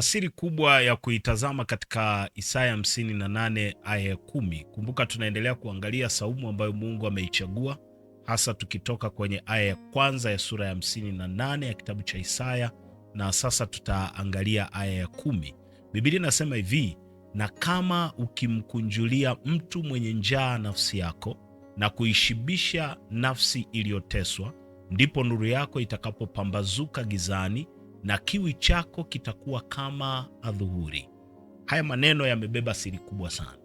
Siri kubwa ya kuitazama katika Isaya 58 aya ya 10. Kumbuka tunaendelea kuangalia saumu ambayo Mungu ameichagua, hasa tukitoka kwenye aya ya kwanza ya sura ya 58 ya kitabu cha Isaya, na sasa tutaangalia aya ya kumi. Biblia inasema hivi, na kama ukimkunjulia mtu mwenye njaa nafsi yako na kuishibisha nafsi iliyoteswa, ndipo nuru yako itakapopambazuka gizani na kiwi chako kitakuwa kama adhuhuri. Haya maneno yamebeba siri kubwa sana.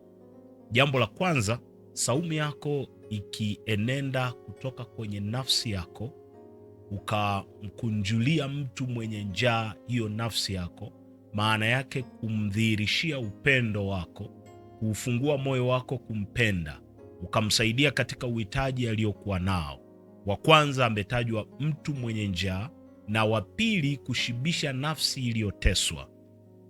Jambo la kwanza, saumu yako ikienenda kutoka kwenye nafsi yako ukamkunjulia mtu mwenye njaa hiyo nafsi yako maana yake kumdhihirishia upendo wako, kuufungua moyo wako kumpenda, ukamsaidia katika uhitaji aliyokuwa nao. Wa kwanza ametajwa mtu mwenye njaa, na wa pili kushibisha nafsi iliyoteswa.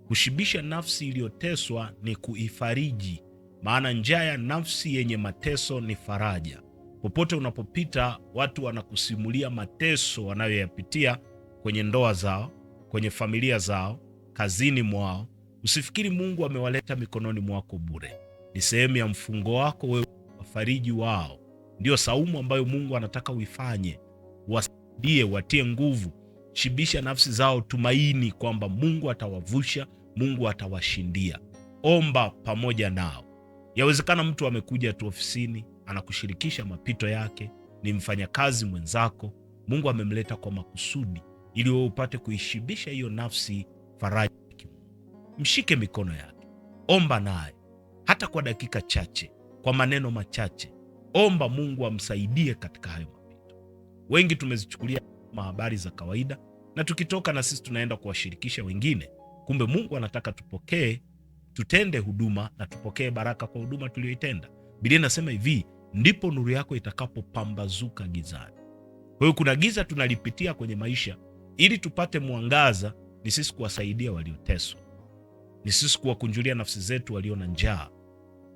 Kushibisha nafsi iliyoteswa ni kuifariji, maana njaa ya nafsi yenye mateso ni faraja. Popote unapopita, watu wanakusimulia mateso wanayoyapitia kwenye ndoa zao, kwenye familia zao kazini mwao. Usifikiri Mungu amewaleta mikononi mwako bure, ni sehemu ya mfungo wako wewe wafariji wao. Ndiyo saumu ambayo Mungu anataka uifanye, wasaidie, watie nguvu, shibisha nafsi zao tumaini kwamba Mungu atawavusha, Mungu atawashindia. Omba pamoja nao. Yawezekana mtu amekuja tu ofisini, anakushirikisha mapito yake, ni mfanyakazi mwenzako. Mungu amemleta kwa makusudi ili wewe upate kuishibisha hiyo nafsi faraja ya Kimungu. Mshike mikono yake, omba naye hata kwa dakika chache, kwa maneno machache, omba Mungu amsaidie katika hayo mapito. Wengi tumezichukulia kama habari za kawaida, na tukitoka na sisi tunaenda kuwashirikisha wengine. Kumbe Mungu anataka tupokee, tutende huduma na tupokee baraka kwa huduma tuliyoitenda. Biblia inasema hivi, ndipo nuru yako itakapopambazuka gizani. Kwa hiyo kuna giza tunalipitia kwenye maisha ili tupate mwangaza ni sisi kuwasaidia walioteswa, ni sisi kuwakunjulia nafsi zetu walio na njaa,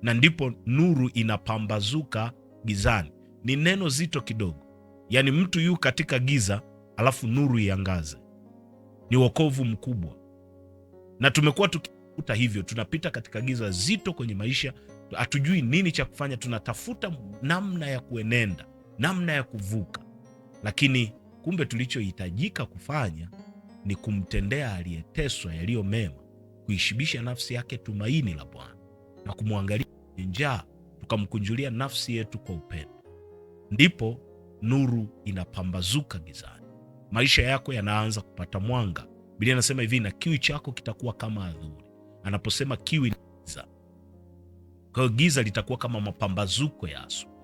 na ndipo nuru inapambazuka gizani. Ni neno zito kidogo, yaani mtu yu katika giza alafu nuru iangaze, ni wokovu mkubwa. Na tumekuwa tukikuta hivyo, tunapita katika giza zito kwenye maisha, hatujui nini cha kufanya, tunatafuta namna ya kuenenda, namna ya kuvuka, lakini kumbe tulichohitajika kufanya ni kumtendea aliyeteswa yaliyo mema, kuishibisha nafsi yake tumaini la Bwana na kumwangalia njaa, tukamkunjulia nafsi yetu kwa upendo. Ndipo nuru inapambazuka gizani, maisha yako yanaanza kupata mwanga. Biblia inasema hivi, na kiwi chako kitakuwa kama adhuri Anaposema kiwi ni giza, kwa hiyo giza litakuwa kama mapambazuko ya asubuhi,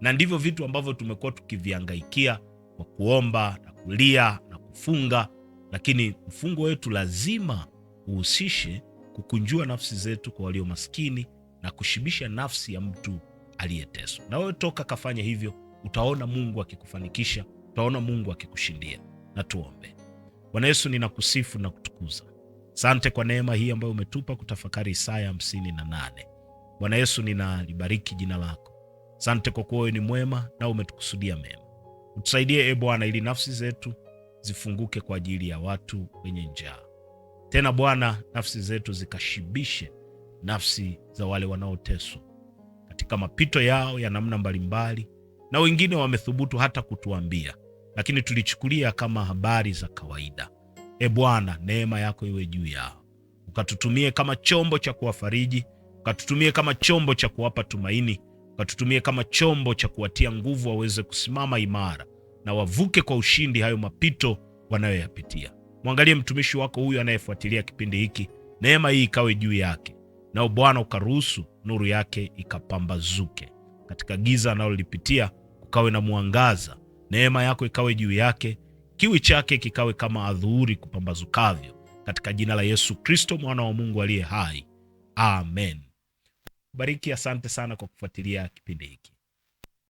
na ndivyo vitu ambavyo tumekuwa tukiviangaikia kwa kuomba na kulia na kufunga lakini mfungo wetu lazima uhusishe kukunjua nafsi zetu kwa walio maskini na kushibisha nafsi ya mtu aliyeteswa. Na wewe toka kafanya hivyo, utaona Mungu akikufanikisha, utaona Mungu akikushindia. Na tuombe. Bwana Yesu, ninakusifu na kutukuza. Sante kwa neema hii ambayo umetupa kutafakari Isaya hamsini na nane. Bwana Yesu, ninalibariki jina lako. Sante kwa kuwa wewe ni mwema na umetukusudia mema. Utusaidie e Bwana, ili nafsi zetu zifunguke kwa ajili ya watu wenye njaa. Tena Bwana, nafsi zetu zikashibishe nafsi za wale wanaoteswa katika mapito yao ya namna mbalimbali, na wengine wamethubutu hata kutuambia, lakini tulichukulia kama habari za kawaida. E Bwana, neema yako iwe juu yao, ukatutumie kama chombo cha kuwafariji, ukatutumie kama chombo cha kuwapa tumaini, ukatutumie kama chombo cha kuwatia nguvu waweze kusimama imara na wavuke kwa ushindi hayo mapito wanayoyapitia. Mwangalie mtumishi wako huyu anayefuatilia kipindi hiki, neema hii ikawe juu yake, nao Bwana ukaruhusu nuru yake ikapambazuke katika giza analolipitia, kukawe na mwangaza. Neema yako ikawe juu yake, kiwi chake kikawe kama adhuhuri kupambazukavyo, katika jina la Yesu Kristo mwana wa Mungu aliye hai, amen. Bariki, asante sana kwa kufuatilia kipindi hiki.